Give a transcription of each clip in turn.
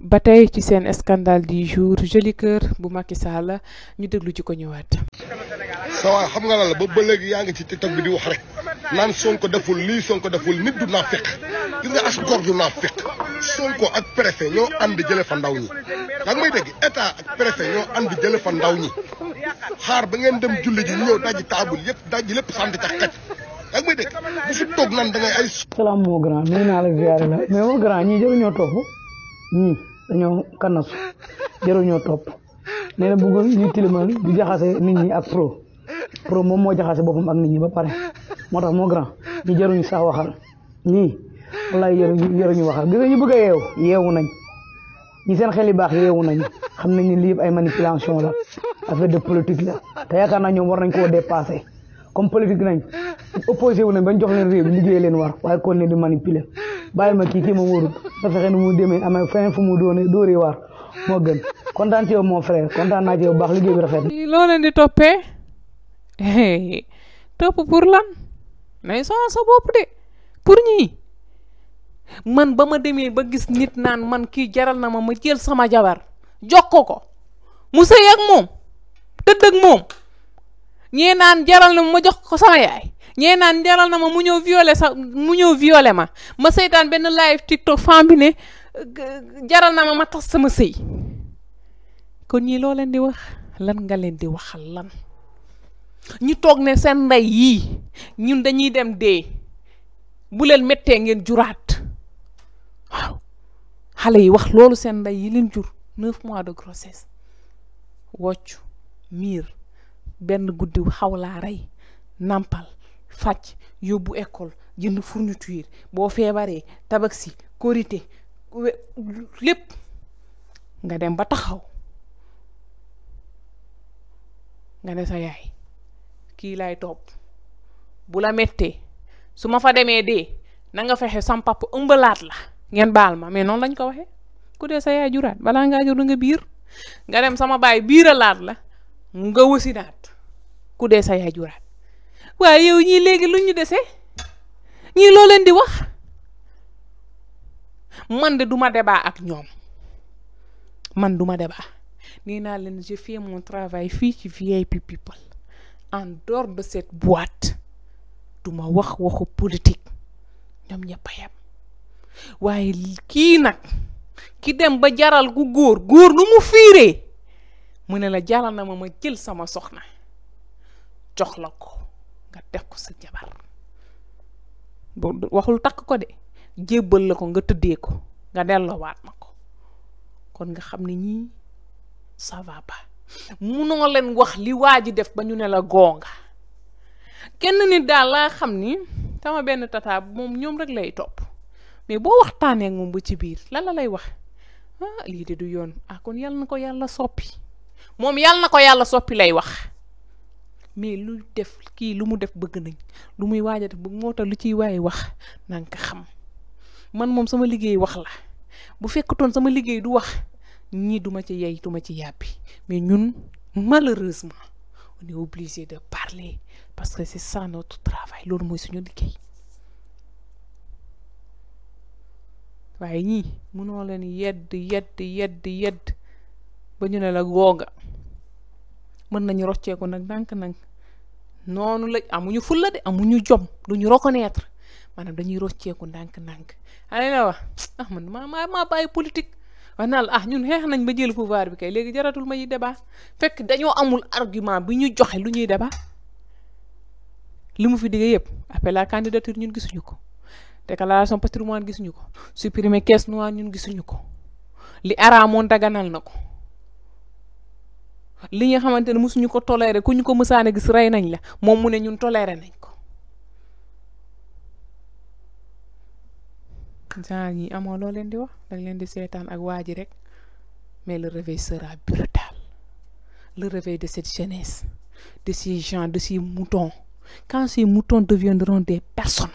ba tey ci seen scandale di jour joli bu Macky Sall ñu déglu ci ko ñëwaat. sa waay xam nga lan la ba ba yaa ngi ci TikTok bi di wax rek naan Sonko deful lii Sonko deful nit du naa fekk gis nga as gor du naa fekk Sonko ak préfet ñoo ànd jële fa ndaw ñi. Yang ngi may dégg état ak préfet ñoo andi jële fa ndaw ñi xaar ba ngeen dem julli ji ñu ñëw dajji taabul yëpp dajji lépp sant ca xaj yaa ngi may dégg bu fi toog nan da ngay ay. salaam nih grand nuyu naa la ziare la mais moo grand nih jëruñoo topp ñii dañoo kanasu jëruñoo topp nee na nih ñuy tilimal di jaxase nit ñi ak pro pro moom moo jaxase boppam ak nit ñi ba pare nih tax moo grand ñi jëruñu sax waxal ñii wallaay jëruñu waxal gis nga ñu bëgg a yeewu nañ. ñi seen xel yu baax yeewu nañu xam nañ ne lii yëpp ay manipulation la affaire de politique la te yaakaar naa ñoom war nañ koo dépassé comme politique nañ opposé wu nañ bañ jox leen réew bi leen war waaye kon ne di manipuler baax liggéey bi rafet na. di toppee eh, topp pour lan mais son sa bopp de pour ñii. man bama demé ba gis nit nan man ki jaral na ma ma jël sama jabar jokoko ko ko mu sëy ak mom tëdd ak jaral na ma jox ko sama yaay ñe nan jaral na ma mu ñew violer sa mu ñew violer ma ma seytaan ben live tiktok fam bi ne jaral na ma ma tass sama sey kon ñi lo leen di wax lan nga leen di waxal lan ñu tok ne sen nday yi ñun dañuy dem de bu leen metté ngeen jurat waaw xale yi wax loolu seen ndey yi leen jur neuf mois de grossesse wocc miir benn guddi xaw rey nàmpal fàcc yóbbu école jënd fourniture boo feebaree tabaski korité lépp nga dem ba taxaw nga ne sa yaay kii laay topp bu la mettee su ma fa demee dee na nga fexe sam ëmbalaat la ngeen baal ma mais non lañ ko waxé ku dé sa yaay juraat bala nga jur nga biir nga dem sama biira laat la nga wasinaat ku dé sa yaay juraat wa yow ñi légui lu déssé ñi lo leen di wax man de duma débat ak ñom man duma débat nee naa leen je fais mon travail fi ci VIP people en dehors de cette boîte duma wax waxu politique ñom ñepp waaye kii nag ki dem ba jaral gu góor góor lu mu fiiree mu ne la jaral na ma ma jël sama soxna jox la ko nga def ko sa jabar waxul takk ko de jébbal la ko nga tëddee ko nga delloowaat ma ko kon nga xam ni ñii ça va pas munoo leen wax li waa ji def ba ñu ne la goonga kenn nit daal laa xam ni sama benn tata moom ñoom rek lay topp mais waxtane ak mom bu ci bir la la lay wax ah li de du yoon ah kon yalla nako yalla soppi mom yalla nako yalla soppi lay wax mais lu def ki lu mu def bëgg nañ lu muy waaj def lu ci waaye wax nang ka xam man mom sama liggey wax la bu fekkutoon sama liggey du wax ñi duma ci yey duma ci yapi. mais ñun malheureusement on est obligé de parler parce que c'est ça notre travail loolu moy suñu liggey waye ñii mëno leen yedd yedd yedd yedd ba ñu ne la googa mën nañu rocceeku nag dank ndànk noonu la amuñu fulla de amuñu jom duñu reconnaître maanaam dañuy rocceeku ndànk-ndànk xale la wax ah man ma ma ma bàyyi politique wax naa ah ñun xeex nañ ba jël pouvoir bi kay léegi jaratul ma yi débat fekk dañoo amul argument bi ñu joxe lu ñuy débat li mu fi digg yépp appel à candidature ñun gisuñu ko déclaration patrimoine gisuñu ko supprimer caisse noire ñun gisuñu ko li araamoon daganal na ko li nga xamantene ne ko toléré kuñu ko mësaane gis ray nañ la mom mu ne ñun toléré nañ ko genre amo lo loo leen di wax dag leen di sétane ak waji rek mais le réveil sera brutal le réveil de cette jeunesse de ces gens de ces moutons quand ces moutons deviendront des personnes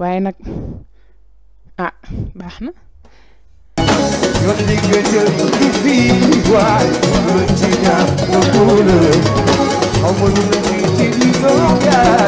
waaye nag ah baax na yoon di nga jël di fii waay mën ci ñaar ma góor la xaw ma lu ci di